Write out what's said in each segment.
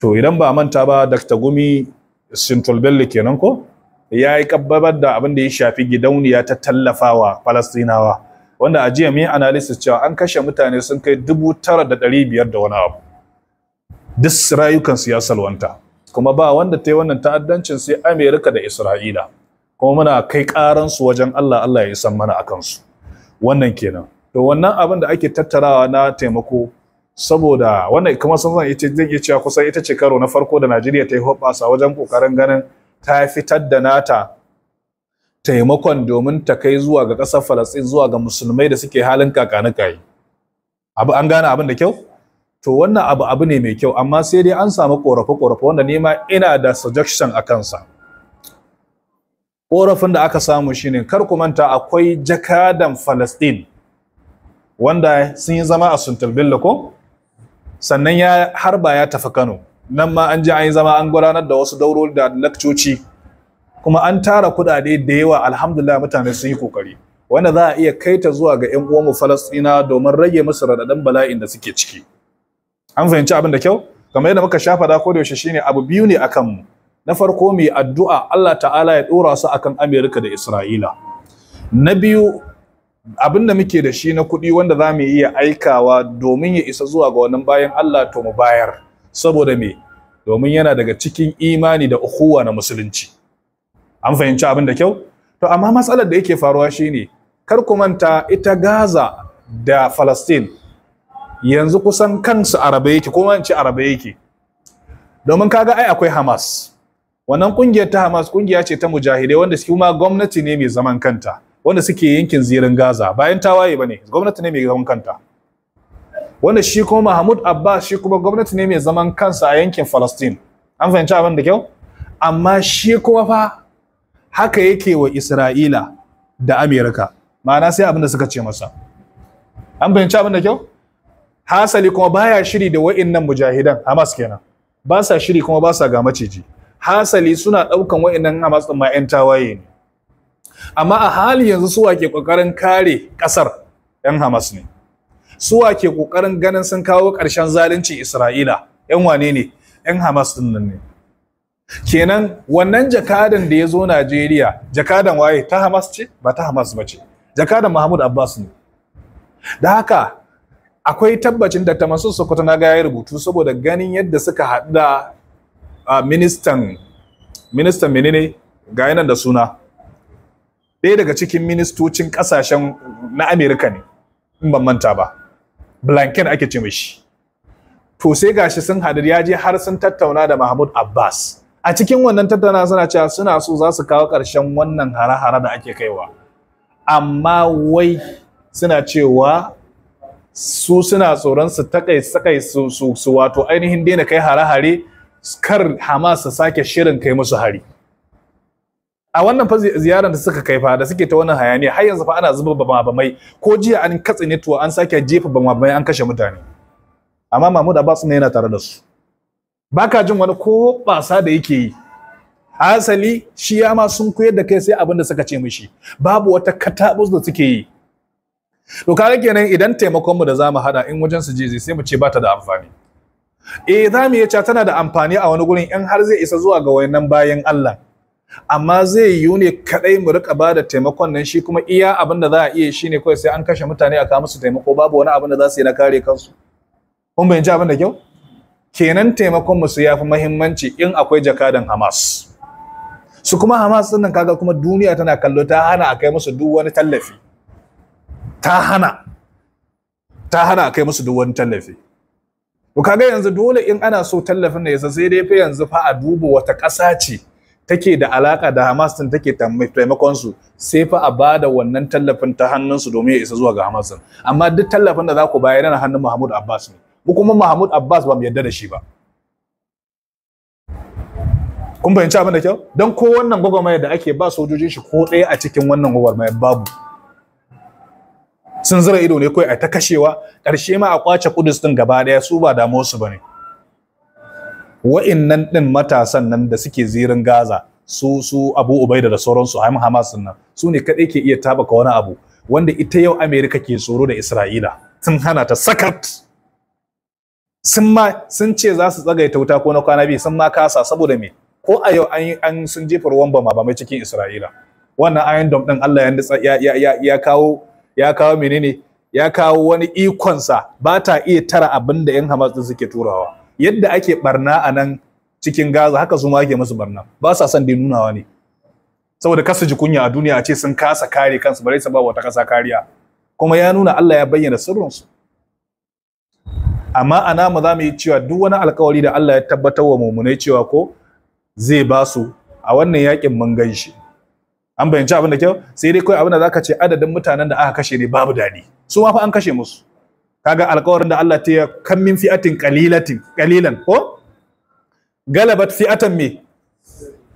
to idan ba a manta ba Dr. Gumi Sintul Bello kenan ko ya yi kabbabar da abin da ya shafi gidauniya ta tallafawa Falastinawa wanda a jiya mai analysis cewa an kashe mutane sun kai dubu tara da ɗari biyar da wani abu duk Sirayukan ya salwanta kuma ba wanda ta yi wannan ta'addancin sai Amerika da Isra'ila kuma muna kai ƙaransu wajen Allah Allah ya san mana a kansu wannan kenan to wannan abin da ake tattarawa na taimako saboda wannan kuma sun zan ita zan cewa kusan ita ce karo na farko da Najeriya ta yi hoɓɓasa wajen kokarin ganin ta fitar da nata taimakon domin ta kai zuwa ga ƙasar Falastin zuwa ga musulmai da suke halin kakanikayi. Abu an gane abin da kyau? To wannan abu abu ne mai kyau amma sai dai an samu ƙorafe-ƙorafe wanda nema ina da suggestion a kansa. Ƙorafin da aka samu shine kar ku manta akwai jakadan Falastin. wanda sun yi zama a Suntal Bello ko? sannan ya harba ya tafi Kano nan ma an ji an yi zama an gudanar da wasu daurori da lakcoci kuma an tara kudade da yawa alhamdulillah mutane sun yi kokari wanda za a iya kai ta zuwa ga ƴan mu Falastina domin rage musu radadin bala'in da suke ciki an fahimci abin da kyau kamar yadda muka shafa da ko da yaushe shine abu biyu ne akan mu na farko mu addu'a Allah ta'ala ya dora su akan Amerika da Isra'ila na biyu abin da muke da shi na kuɗi wanda za mu iya aikawa domin ya isa zuwa ga wannan bayan Allah to mu bayar saboda me domin yana daga cikin imani da ukhuwa na musulunci an fahimci abin da kyau to amma matsalar da yake faruwa shine kar ku manta ita Gaza da Palestine yanzu kusan kansu arabe yake kuma in ce arabe yake domin kaga ai akwai Hamas wannan kungiyar ta Hamas kungiya ce ta mujahidai wanda su kuma gwamnati ne mai zaman kanta wanda suke yankin zirin Gaza bayan tawaye bane gwamnati ne mai zaman kanta wanda shi kuma Mahmud Abbas shi kuma gwamnati ne mai zaman kansa a yankin Palestine an fahimci abin da kyau amma shi kuma fa haka yake wa Isra'ila da Amerika ma'ana sai abin da suka ce masa an fahimci abin da kyau hasali kuma baya shiri da wa'innan mujahidan Hamas kenan ba sa shiri kuma ba sa ga maciji hasali suna ɗaukan wa'innan Hamas din ma 'yan tawaye ne amma a hali yanzu suwa ke kokarin kare kasar yan Hamas ne suwa ke kokarin ganin sun kawo ƙarshen zalunci Isra'ila yan wane ne yan Hamas din nan ne kenan wannan jakadan da ya zo Najeriya jakadan waye ta Hamas ce ba ta Hamas ba ce jakadan Mahmud Abbas ne da haka akwai tabbacin da tamasu sokoto na ga ya rubutu saboda ganin yadda suka hada da ministan ministan menene ga yanan da suna ɗaya daga cikin ministocin ƙasashen na Amerika ne, in ban manta ba. Blanken ake ce mishi. To sai gashi sun hadir ya je har sun tattauna da Mahmud Abbas. A cikin wannan tattauna suna cewa suna so za su kawo ƙarshen wannan hare-hare da ake kaiwa. Amma wai suna cewa su suna tsoron su takai su wato ainihin daina kai hare-hare kar Hamas su sake shirin kai musu hari. a wannan fa ziyarar da suka kai fa da suke ta wannan hayaniya har yanzu fa ana zuba bamabamai ko jiya an katse network an sake jefa bamabamai an kashe mutane amma Mahmud Abbas ne yana tare da su baka jin wani ko basa da yake yi asali shi ya ma sun koyar da kai sai abin da suka ce mishi babu wata katabus da suke yi to kare kenan idan taimakon mu da zamu hada in wajen su je sai mu ce bata da amfani eh zamu iya tana da amfani a wani gurin in har zai isa zuwa ga wayannan bayan Allah amma zai yiwu ne kadai mu rika ba da taimakon nan shi kuma iya abin da za a iya shi ne kawai sai an kashe mutane a kawo musu taimako babu wani abin da za su yi na kare kansu kun ji abin da kyau kenan taimakon mu su yafi muhimmanci in akwai jakadan Hamas su kuma Hamas din nan kaga kuma duniya tana kallo ta hana a kai musu duk wani tallafi ta hana ta hana a kai musu duk wani tallafi to kaga yanzu dole in ana so tallafin ne sai dai fa yanzu fa a duba wata ƙasa ce take da alaka da Hamas din take taimakon su sai fa a bada wannan tallafin ta hannun su domin ya isa zuwa ga Hamas amma duk tallafin da za ku bayar yana hannun Mahmud Abbas ne mu kuma Mahmud Abbas ba mu yarda da shi ba kun fahimci abin da kyau dan ko wannan gwagwarmayar da ake ba sojojin shi ko ɗaya a cikin wannan gwagwarmayar babu sun zira ido ne kawai a ta kashewa ƙarshe ma a kwace kudus din gaba ɗaya su ba damuwarsu ba ne wa'innan din matasan nan da suke zirin Gaza su su Abu Ubaida da sauransu a Hamas nan su ne kadai ke iya tabaka wani abu wanda ita yau Amerika ke tsoro da Isra'ila sun hana ta sakat sun ma sun ce za su tsagaita wuta ko na kwana biyu sun ma kasa saboda me ko a yau an an sun jefa ruwan bama ba mai cikin Isra'ila wannan ayan dom din Allah ya ya ya kawo ya kawo menene ya kawo wani ikonsa ba ta iya tara abin da 'yan Hamas din suke turawa yadda ake barna a nan cikin gaza haka su ake musu barna ba sa son dai nunawa ne saboda kasa ji kunya a duniya a ce sun kasa kare kansu bare su ba wata kasa kariya kuma ya nuna Allah ya bayyana sirrinsu amma ana mu za mu yi cewa duk wani alkawari da Allah ya tabbatar wa mumunai cewa ko zai ba su a wannan yakin mun gan shi an bayyance abin da kyau sai dai kawai abin da zaka ce adadin mutanen da aka kashe ne babu daɗi su ma fa an kashe musu kaga alkawarin da Allah ta kan min fi'atin qalilatin qalilan ko galabat fi'atan me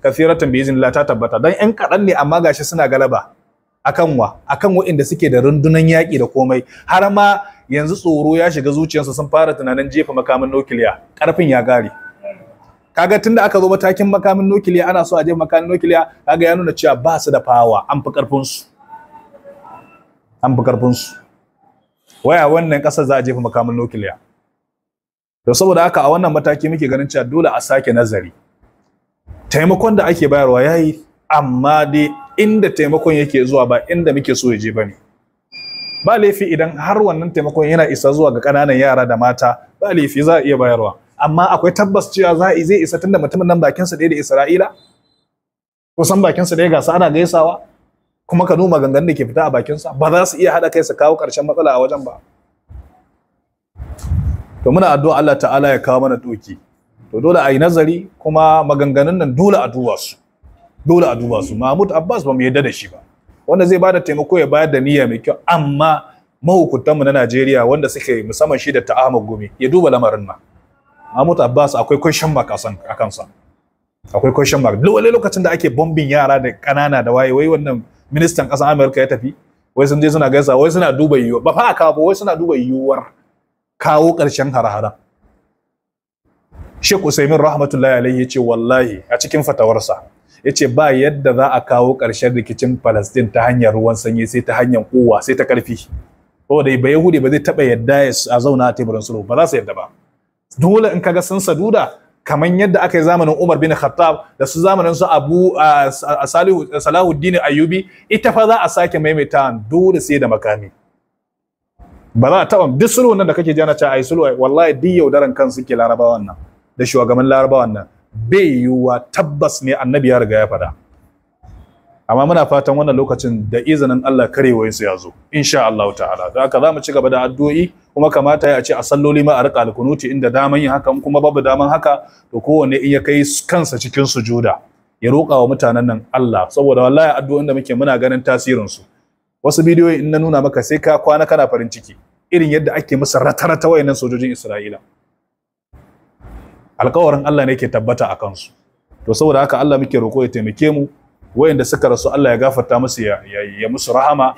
kafiratan bi iznillah ta tabbata dan yan kadan ne amma gashi suna galaba akan wa akan waɗanda suke da rundunan yaƙi da komai har ma yanzu tsoro ya shiga zuciyarsu sun fara tunanin jefa makamin nukiliya karfin ya gare kaga tunda aka zo matakin makamin nukiliya ana so a jefa makamin nukiliya kaga ya nuna cewa ba su da fawa an fi su an fi ƙarfinsu waya wannan ƙasa za a jefa makamin nukiliya to saboda haka a wannan mataki muke ganin cewa dole a sake nazari taimakon da ake bayarwa yayi amma dai inda taimakon yake zuwa ba inda muke so ya je bane ba laifi idan har wannan taimakon yana isa zuwa ga ƙananan yara da mata ba laifi za a iya bayarwa amma akwai tabbas cewa za a zai isa tunda mutumin nan bakinsa ɗaya da Isra'ila kusan bakinsa ɗaya gasa ana gaisawa kuma ka numa gangan da ke fita a bakinsa ba za su iya haɗa kai su kawo ƙarshen matsala a wajen ba to muna addu'a Allah ta'ala ya kawo mana doki to dole a yi nazari kuma maganganun nan dole a duba su dole a duba su Mahmud Abbas ba mu yarda da shi ba wanda zai bada taimako ya bayar da niyya mai kyau amma mahukuntanmu na Najeriya wanda suke musamman shi da ta'ama gumi ya duba lamarin nan Mahmud Abbas akwai question mark a kansa akwai question mark lokacin da ake bombin yara da ƙanana da waye wai wannan ministan ƙasar Amurka ya tafi wai sun je suna gaisa wai suna duba yiwuwar ba fa kawo ba wai suna duba yiwuwar kawo ƙarshen harahara Sheikh Usaimin rahmatullahi alaihi ya ce wallahi a cikin fatawarsa ya ce ba yadda za a kawo ƙarshen rikicin Palestine ta hanyar ruwan sanyi sai ta hanyar kowa sai ta ƙarfi saboda ba Yahudi ba zai taɓa yadda a zauna a teburin sulhu ba za su yadda ba dole in kaga sun saduda kamar yadda aka yi zamanin Umar bin Khattab da su zamanin su Abu Salahuddin Ayyubi ita fa za a sake maimaita dole sai da makami ba za a taɓa duk sulhu nan da kake jana ta ai sulhu wallahi duk yaudaran kan suke larabawan nan da shugaban larabawan nan bai yiwuwa tabbas ne annabi ya riga ya faɗa amma muna fatan wannan lokacin da izinin Allah karewaye su ya zo insha Allah ta'ala don haka zamu ci gaba da addu'o'i kuma kamata ya ce a salloli ma a rika alkunuti inda daman yin haka kuma babu daman haka to kowanne in ya kai kansa cikin sujuda ya roƙa wa mutanen nan Allah saboda wallahi addu'o'in da muke muna ganin tasirin su wasu bidiyoyi in na nuna maka sai ka kwana kana farin ciki irin yadda ake musu rata-rata wayannan sojojin Isra'ila alƙawarin Allah ne ke tabbata a kansu to saboda haka Allah muke roƙo ya taimake mu wayanda suka rasu Allah ya gafarta musu ya, ya, musu rahama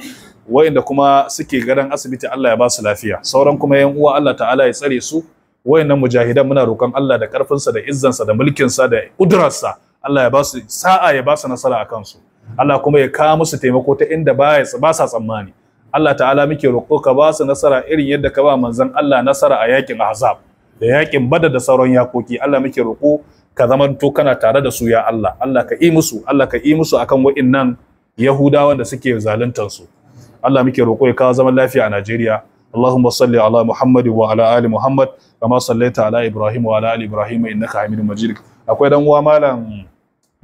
wayanda kuma suke gadan asibiti Allah ya ba su lafiya sauran kuma yan uwa Allah ta'ala ya tsare su wayannan mujahidan muna roƙon Allah da ƙarfinsa da sa da sa da ƙudurarsa Allah ya ba su sa'a ya ba su nasara a kansu Allah kuma ya kawo musu taimako ta inda ba sa tsammani Allah ta'ala muke roƙo ka ba su nasara irin yadda ka ba manzon Allah nasara a yakin Ahzab da yakin Badar da sauran yakoki Allah muke roƙo ka zamanto kana tare da su ya Allah Allah ka yi musu Allah ka yi musu akan wa'innan Yahudawa da suke zaluntar su Allah muke roƙo ya kawo zaman lafiya a Najeriya Allahumma salli ala Muhammad wa ala ali Muhammad kama sallaita ala Ibrahim wa ala ali Ibrahim innaka حميد Majid akwai dan uwa malam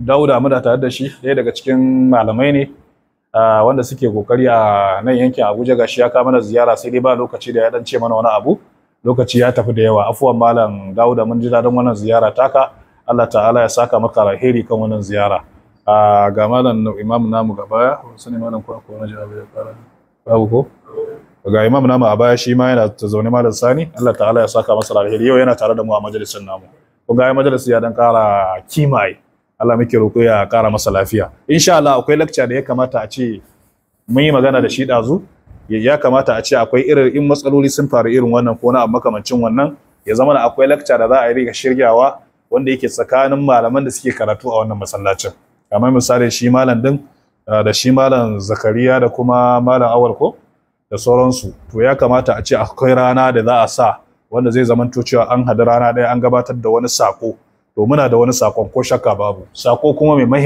Dauda muna tare da shi ɗaya daga cikin malamai ne wanda suke kokari a nan yankin Abuja gashi ya kawo mana ziyara sai dai ba lokaci da ya dan ce mana wani abu lokaci ya tafi da yawa afuwan malam Dauda mun ji dadin wannan ziyara taka Allah ta'ala ya saka maka alheri kan wannan ziyara a ga malam imam namu ga baya sani malam ko akwai wani jawabi da kara babu ko ga imam namu a baya shi ma yana ta zaune malam sani Allah ta'ala ya saka masa alheri yau yana tare da mu a majalisin namu ko ga majalisi ya dan kara kima'i. Allah muke roƙo ya kara masa lafiya insha Allah akwai lecture da ya kamata a ce mun yi magana da shi dazu ya kamata a ce akwai irin in matsaloli sun faru irin wannan ko na makamancin wannan ya zama akwai lecture da za a yi ga shiryawa wanda yake tsakanin malaman da suke karatu a wannan masallacin kamar misali shi malam din ah, da shi malam zakariya da kuma malam awal ko da sauransu to ya kamata a ce akwai rana da za a sa wanda zai zamanto cewa an hadu rana ɗaya an gabatar da wani sako to muna da wani sakon ko shakka babu sako kuma mai